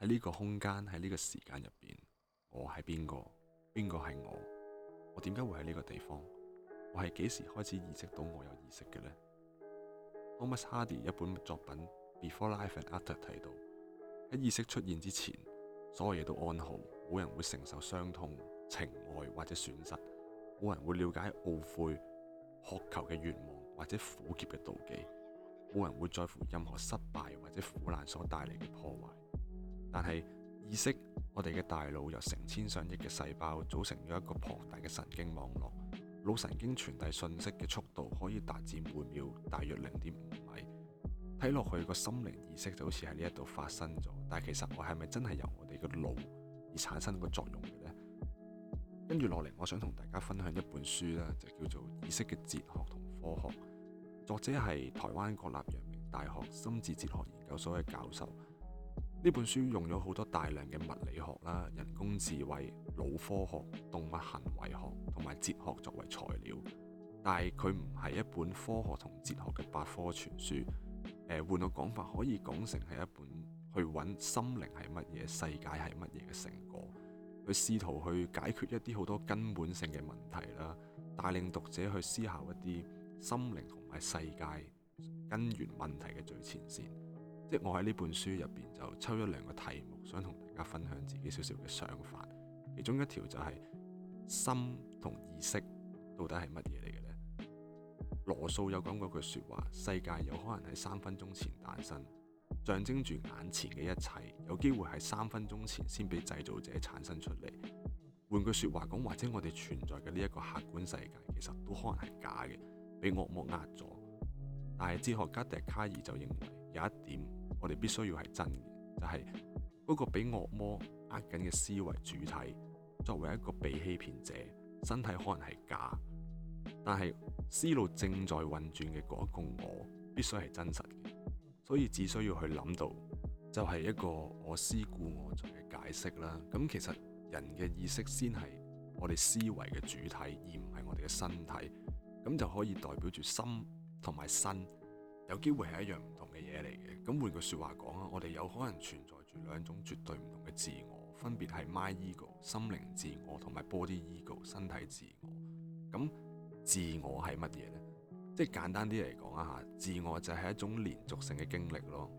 喺呢個空間喺呢個時間入邊，我係邊個？邊個係我？我點解會喺呢個地方？我係幾時開始意識到我有意識嘅呢？Thomas Hardy 一本作品《Before Life and After》提到喺意識出現之前，所有嘢都安好，冇人會承受傷痛、情愛或者損失，冇人會了解懊悔、渴求嘅願望或者苦澀嘅妒忌，冇人會在乎任何失敗或者苦難所帶嚟嘅破壞。但係意識，我哋嘅大腦由成千上億嘅細胞組成咗一個龐大嘅神經網絡。腦神經傳遞訊息嘅速度可以達至每秒大約零點五米。睇落去，個心靈意識就好似喺呢一度發生咗，但係其實我係咪真係由我哋嘅腦而產生個作用嘅呢？跟住落嚟，我想同大家分享一本書啦，就叫做《意識嘅哲學同科學》，作者係台灣國立陽明大學心智哲學研究所嘅教授。呢本書用咗好多大量嘅物理學啦、人工智慧、腦科學、動物行為學同埋哲學作為材料，但係佢唔係一本科學同哲學嘅百科全書。誒、呃，換個講法，可以講成係一本去揾心靈係乜嘢、世界係乜嘢嘅成果。佢試圖去解決一啲好多根本性嘅問題啦，帶領讀者去思考一啲心靈同埋世界根源問題嘅最前線。即我喺呢本書入邊就抽咗兩個題目，想同大家分享自己少少嘅想法。其中一條就係：「心同意識到底係乜嘢嚟嘅呢？」羅素有講過句説話：世界有可能喺三分鐘前誕生，象徵住眼前嘅一切有機會喺三分鐘前先俾製造者產生出嚟。換句説話講，或者我哋存在嘅呢一個客觀世界其實都可能係假嘅，俾惡魔壓咗。但係哲學家笛卡爾就認為。有一點我哋必須要係真嘅，就係、是、嗰個俾惡魔呃緊嘅思維主體，作為一個被欺騙者，身體可能係假，但係思路正在運轉嘅嗰個我，必須係真實嘅。所以只需要去諗到，就係一個我思故我在嘅解釋啦。咁其實人嘅意識先係我哋思維嘅主體，而唔係我哋嘅身體，咁就可以代表住心同埋身，有機會係一樣唔同嘅嘢嚟嘅，咁換句説話講啊，我哋有可能存在住兩種絕對唔同嘅自我，分別係 my ego 心靈自我同埋 body ego 身體自我。咁自我係乜嘢呢？即係簡單啲嚟講啊，吓，自我就係一種連續性嘅經歷咯。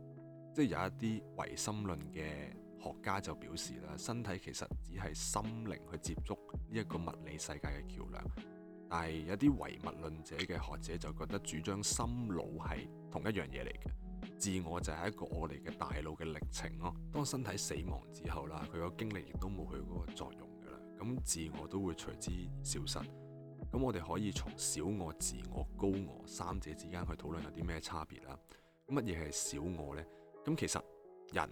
即係有一啲唯心論嘅學家就表示啦，身體其實只係心靈去接觸呢一個物理世界嘅橋梁。但係有啲唯物論者嘅學者就覺得主張心腦係同一樣嘢嚟嘅，自我就係一個我哋嘅大腦嘅歷程咯。當身體死亡之後啦，佢個經歷亦都冇佢個作用噶啦，咁自我都會隨之消失。咁我哋可以從小我、自我、高我三者之間去討論有啲咩差別啦。乜嘢係小我呢？咁其實人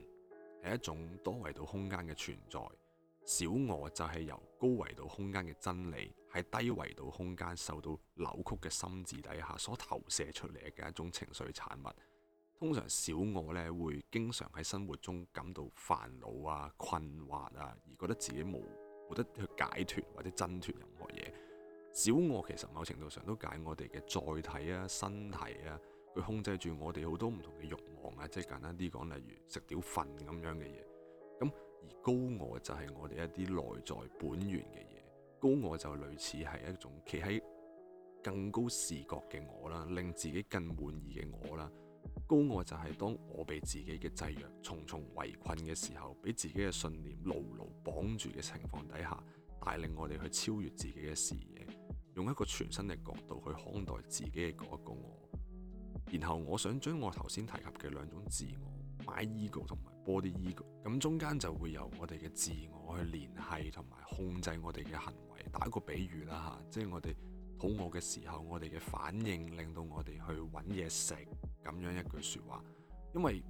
係一種多維度空間嘅存在。小我就係由高維度空間嘅真理喺低維度空間受到扭曲嘅心智底下所投射出嚟嘅一種情緒產物。通常小我呢，會經常喺生活中感到煩惱啊、困惑啊，而覺得自己冇冇得去解脱或者掙脫任何嘢。小我其實某程度上都解我哋嘅載體啊、身體啊，佢控制住我哋好多唔同嘅欲望啊，即係簡單啲講，例如食同瞓咁樣嘅嘢。咁、嗯而高我就係我哋一啲內在本源嘅嘢，高我就類似係一種企喺更高視覺嘅我啦，令自己更滿意嘅我啦。高我就係當我被自己嘅制約、重重圍困嘅時候，俾自己嘅信念牢牢綁住嘅情況底下，帶領我哋去超越自己嘅視野，用一個全新嘅角度去看待自己嘅嗰一個我。然後我想將我頭先提及嘅兩種自我，my ego 同埋。播啲依咁，ego, 中間就會由我哋嘅自我去聯繫同埋控制我哋嘅行為。打一個比喻啦，吓，即係我哋肚餓嘅時候，我哋嘅反應令到我哋去揾嘢食咁樣一句説話。因為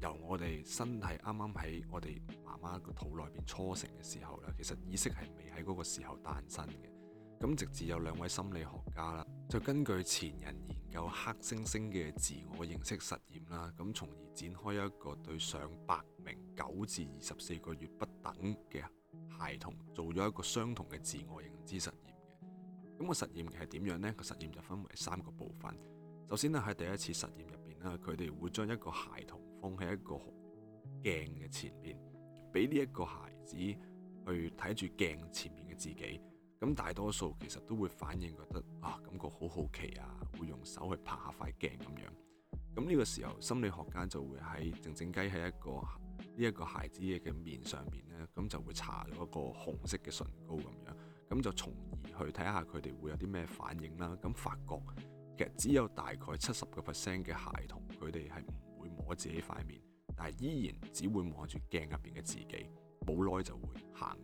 由我哋身體啱啱喺我哋媽媽個肚內邊初成嘅時候啦，其實意識係未喺嗰個時候誕生嘅。咁直至有兩位心理學家啦。就根據前人研究黑猩猩嘅自我認識實驗啦，咁從而展開一個對上百名九至二十四個月不等嘅孩童做咗一個相同嘅自我認知實驗嘅。咁個實驗係點樣呢？個實驗就分為三個部分。首先呢，喺第一次實驗入邊啦，佢哋會將一個孩童放喺一個鏡嘅前面，俾呢一個孩子去睇住鏡前面嘅自己。咁大多數其實都會反應覺得啊，感覺好好奇啊，會用手去拍下塊鏡咁樣。咁呢個時候，心理學家就會喺靜靜雞喺一個呢一、這個孩子嘅面上面呢，咁就會搽咗一個紅色嘅唇膏咁樣。咁就從而去睇下佢哋會有啲咩反應啦。咁發覺其實只有大概七十個 percent 嘅孩童佢哋係唔會摸自己塊面，但係依然只會望住鏡入邊嘅自己。冇耐就會行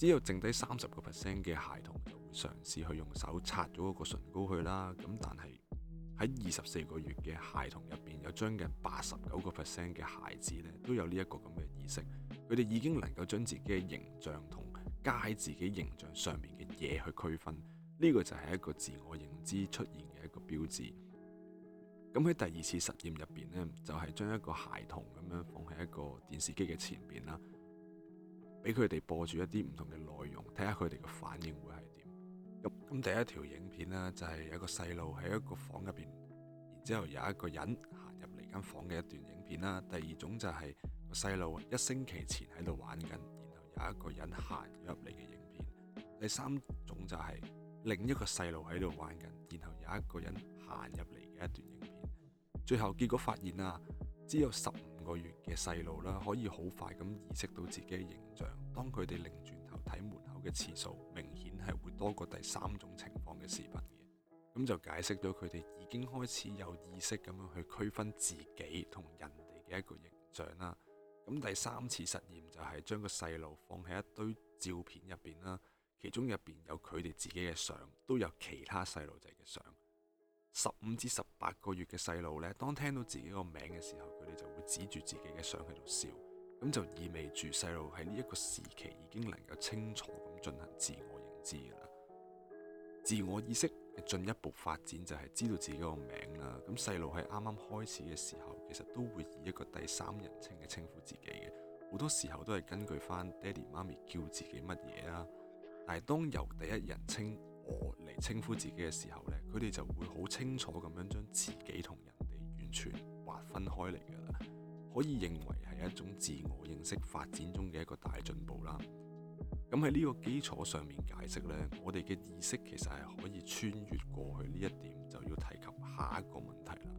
只有剩低三十個 percent 嘅孩童就會嘗試去用手擦咗嗰個唇膏去啦。咁但係喺二十四個月嘅孩童入邊，有將近八十九個 percent 嘅孩子咧都有呢一個咁嘅意識。佢哋已經能夠將自己嘅形象同加喺自己形象上面嘅嘢去區分。呢、這個就係一個自我認知出現嘅一個標誌。咁喺第二次實驗入邊呢就係、是、將一個孩童咁樣放喺一個電視機嘅前面啦。俾佢哋播住一啲唔同嘅內容，睇下佢哋嘅反應會係點。咁第一條影片呢，就係有一個細路喺一個房入邊，然之後有一個人行入嚟間房嘅一段影片啦。第二種就係個細路一星期前喺度玩緊，然後有一個人行入嚟嘅影片。第三種就係另一個細路喺度玩緊，然後有一個人行入嚟嘅一段影片。最後結果發現啊，只有十五。個月嘅細路啦，可以好快咁意識到自己嘅形象。當佢哋擰轉頭睇門口嘅次數，明顯係會多過第三種情況嘅視頻嘅。咁就解釋到佢哋已經開始有意識咁樣去區分自己同人哋嘅一個形象啦。咁第三次實驗就係將個細路放喺一堆照片入邊啦，其中入邊有佢哋自己嘅相，都有其他細路仔嘅相。十五至十八個月嘅細路呢，當聽到自己個名嘅時候，佢哋就會指住自己嘅相喺度笑，咁就意味住細路喺呢一個時期已經能夠清楚咁進行自我認知㗎啦。自我意識進一步發展就係知道自己個名啦。咁細路喺啱啱開始嘅時候，其實都會以一個第三人稱嘅稱呼自己嘅，好多時候都係根據翻爹哋媽咪叫自己乜嘢啦。但係當由第一人稱嚟稱呼自己嘅時候呢，佢哋就會好清楚咁樣將自己同人哋完全劃分開嚟嘅啦，可以認為係一種自我認識發展中嘅一個大進步啦。咁喺呢個基礎上面解釋呢，我哋嘅意識其實係可以穿越過去呢一點，就要提及下一個問題啦。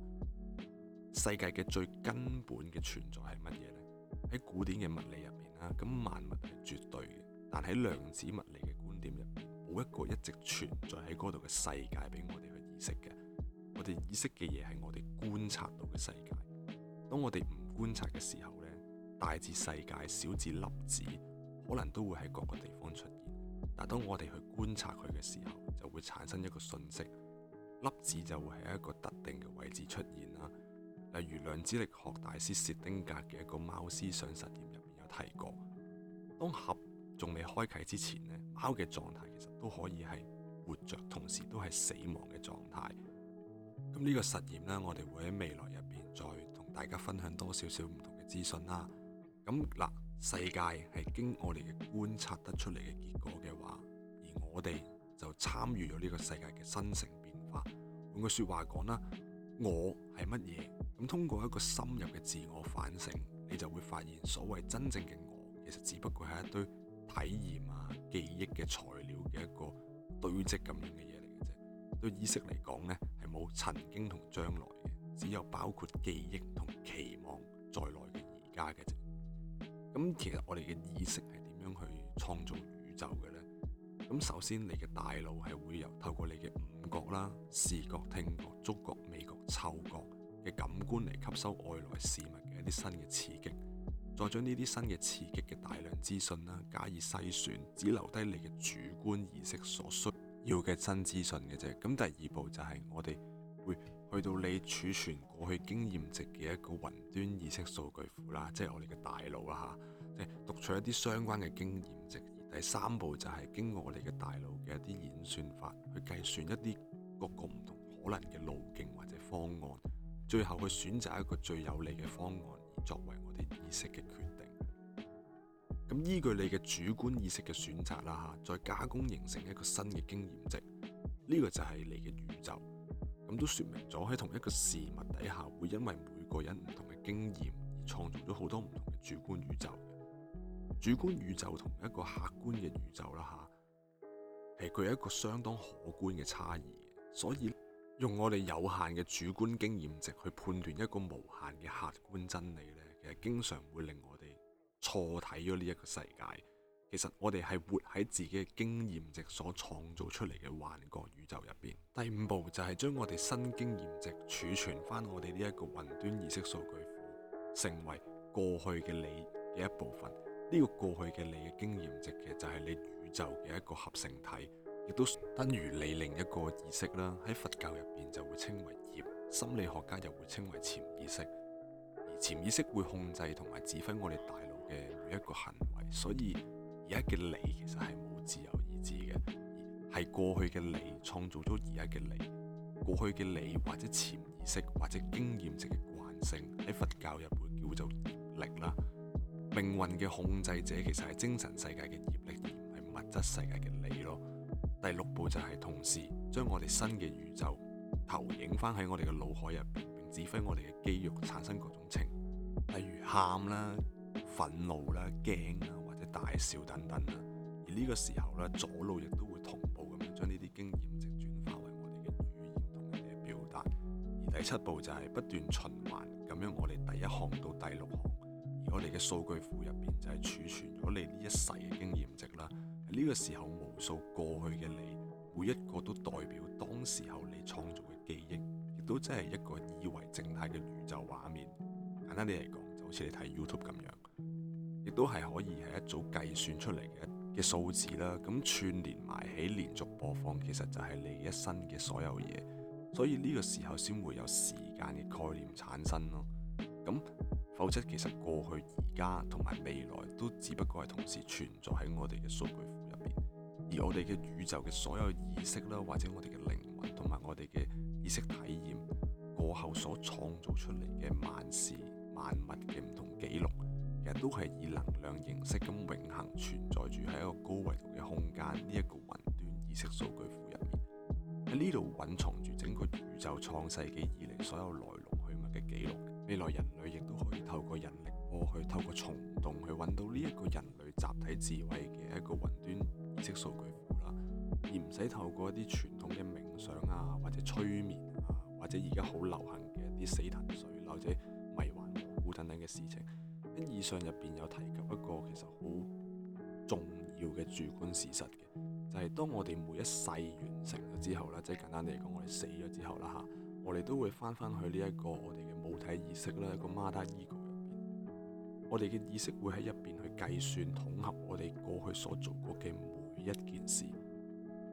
世界嘅最根本嘅存在係乜嘢呢？喺古典嘅物理入面啦，咁萬物係絕對嘅，但喺量子物理嘅觀點入冇一個一直存在喺嗰度嘅世界俾我哋去意識嘅，我哋意識嘅嘢係我哋觀察到嘅世界。當我哋唔觀察嘅時候呢，大至世界、小至粒子，可能都會喺各個地方出現。但係當我哋去觀察佢嘅時候，就會產生一個訊息，粒子就會喺一個特定嘅位置出現啦。例如量子力學大師薛丁格嘅一個貓思想實驗入面有提過，當盒仲未開啟之前呢，貓嘅狀態其實～都可以係活着，同時都係死亡嘅狀態。咁呢個實驗呢，我哋會喺未來入邊再同大家分享多少少唔同嘅資訊啦。咁嗱，世界係經我哋嘅觀察得出嚟嘅結果嘅話，而我哋就參與咗呢個世界嘅生成變化。換句説話講啦，我係乜嘢？咁通過一個深入嘅自我反省，你就會發現所謂真正嘅我，其實只不過係一堆體驗啊、記憶嘅材料。嘅一個堆積咁樣嘅嘢嚟嘅啫，對意識嚟講咧，係冇曾經同將來嘅，只有包括記憶同期望在內嘅而家嘅啫。咁其實我哋嘅意識係點樣去創造宇宙嘅咧？咁首先，你嘅大腦係會由透過你嘅五覺啦、視覺、聽覺、觸覺、味覺、嗅覺嘅感官嚟吸收外來事物嘅一啲新嘅刺激。再將呢啲新嘅刺激嘅大量資訊啦，加以篩選，只留低你嘅主觀意識所需要嘅新資訊嘅啫。咁第二步就係我哋會去到你儲存過去經驗值嘅一個雲端意識數據庫啦，即係我哋嘅大腦啦嚇，即係讀取一啲相關嘅經驗值。第三步就係經過我哋嘅大腦嘅一啲演算法去計算一啲各個唔同可能嘅路徑或者方案，最後去選擇一個最有利嘅方案。作為我哋意識嘅決定，咁依據你嘅主觀意識嘅選擇啦，吓再加工形成一個新嘅經驗值，呢個就係你嘅宇宙。咁都說明咗喺同一個事物底下，會因為每個人唔同嘅經驗而創造咗好多唔同嘅主觀宇宙。主觀宇宙同一個客觀嘅宇宙啦，吓係具有一個相當可觀嘅差異，所以。用我哋有限嘅主觀經驗值去判斷一個無限嘅客觀真理咧，其實經常會令我哋錯睇咗呢一個世界。其實，我哋係活喺自己嘅經驗值所創造出嚟嘅幻覺宇宙入邊。第五步就係將我哋新經驗值儲存翻我哋呢一個雲端意識數據庫，成為過去嘅你嘅一部分。呢個過去嘅你嘅經驗值其實就係你宇宙嘅一個合成體。亦都等如你另一個意識啦，喺佛教入邊就會稱為業，心理學家又會稱為潛意識。而潛意識會控制同埋指揮我哋大腦嘅每一個行為，所以而家嘅你其實係冇自由意志嘅，係過去嘅你創造咗而家嘅你，過去嘅你或者潛意識或者經驗性嘅慣性喺佛教入邊叫做業力啦。命運嘅控制者其實係精神世界嘅業力，而唔係物質世界嘅你咯。第六步就係同時將我哋新嘅宇宙投影翻喺我哋嘅腦海入邊，並指揮我哋嘅肌肉產生各種情，例如喊啦、憤怒啦、驚啊，或者大笑等等啦。而呢個時候咧，左腦亦都會同步咁樣將呢啲經驗值轉化為我哋嘅語言同我哋嘅表達。而第七步就係不斷循環，咁樣我哋第一行到第六行，而我哋嘅數據庫入邊就係儲存咗你呢一世嘅經驗值啦。呢個時候，無數過去嘅你，每一個都代表當時候你創造嘅記憶，亦都真係一個二維靜態嘅宇宙畫面。簡單啲嚟講，就好似你睇 YouTube 咁樣，亦都係可以係一組計算出嚟嘅嘅數字啦。咁串連埋起，連續播放，其實就係你一身嘅所有嘢。所以呢個時候先會有時間嘅概念產生咯。咁否則其實過去、而家同埋未來都只不過係同時存在喺我哋嘅數據。而我哋嘅宇宙嘅所有意識啦，或者我哋嘅靈魂，同埋我哋嘅意識體驗過後所創造出嚟嘅萬事萬物嘅唔同記錄，其實都係以能量形式咁永恒存在住喺一個高維度嘅空間，呢一個雲端意識數據庫入面。喺呢度蘊藏住整個宇宙創世紀以嚟所有來龍去脈嘅記錄，未來人類亦都可以透過引力波去，透過蟲洞去揾到呢一個人類集體智慧嘅一個雲端。積數據庫啦，而唔使透過一啲傳統嘅冥想啊，或者催眠啊，或者而家好流行嘅一啲死藤水，或者迷幻蘑菇等等嘅事情。喺以上入邊有提及一個其實好重要嘅主觀事實嘅，就係、是、當我哋每一世完成咗之後咧，即係簡單地嚟講，我哋死咗之後啦，吓我哋都會翻翻去呢一個我哋嘅母體意識啦。一個 mother ego 入邊，我哋嘅意識會喺入邊去計算統合我哋過去所做過嘅。一件事，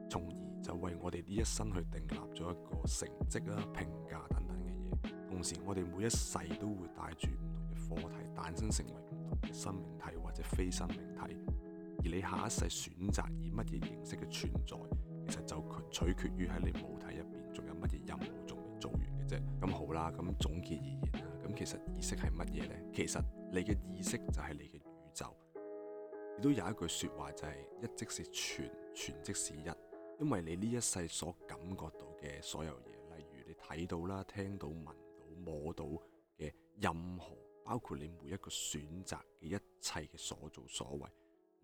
從而就為我哋呢一生去訂立咗一個成績啦、評價等等嘅嘢。同時，我哋每一世都會帶住唔同嘅課題誕生，成為唔同嘅生命體或者非生命體。而你下一世選擇以乜嘢形式嘅存在，其實就取取決於喺你母體入邊仲有乜嘢任務仲未做完嘅啫。咁好啦，咁總結而言啦，咁其實意識係乜嘢呢？其實你嘅意識就係你嘅。亦都有一句說話就係一即是全，全即是一，因為你呢一世所感覺到嘅所有嘢，例如你睇到啦、聽到、聞到、摸到嘅任何，包括你每一個選擇嘅一切嘅所做所為，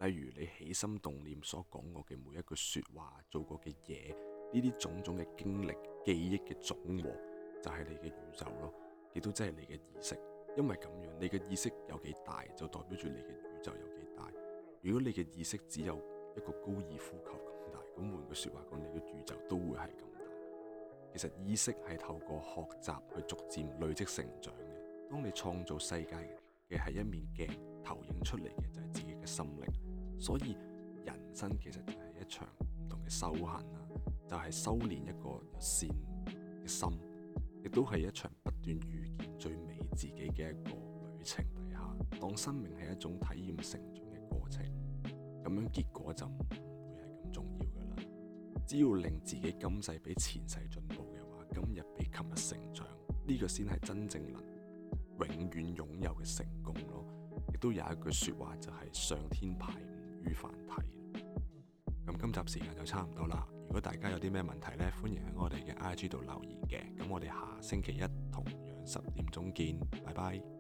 例如你起心動念所講過嘅每一個說話、做過嘅嘢，呢啲種種嘅經歷、記憶嘅總和，就係你嘅宇宙咯。亦都即係你嘅意識，因為咁樣，你嘅意識有幾大，就代表住你嘅宇宙有幾大。如果你嘅意識只有一個高爾夫球咁大，咁換句説話講，你嘅宇宙都會係咁大。其實意識係透過學習去逐漸累積成長嘅。當你創造世界嘅係一面鏡，投影出嚟嘅就係自己嘅心靈。所以人生其實就係一場唔同嘅修行啦，就係、是、修煉一個有善嘅心，亦都係一場不斷遇見最美自己嘅一個旅程底下。當生命係一種體驗性。過程咁樣，結果就唔會係咁重要噶啦。只要令自己今世比前世進步嘅話，今日比琴日成長，呢個先係真正能永遠擁有嘅成功咯。亦都有一句說話就係上天排于凡體。咁今集時間就差唔多啦。如果大家有啲咩問題呢，歡迎喺我哋嘅 I G 度留言嘅。咁我哋下星期一同樣十點鐘見，拜拜。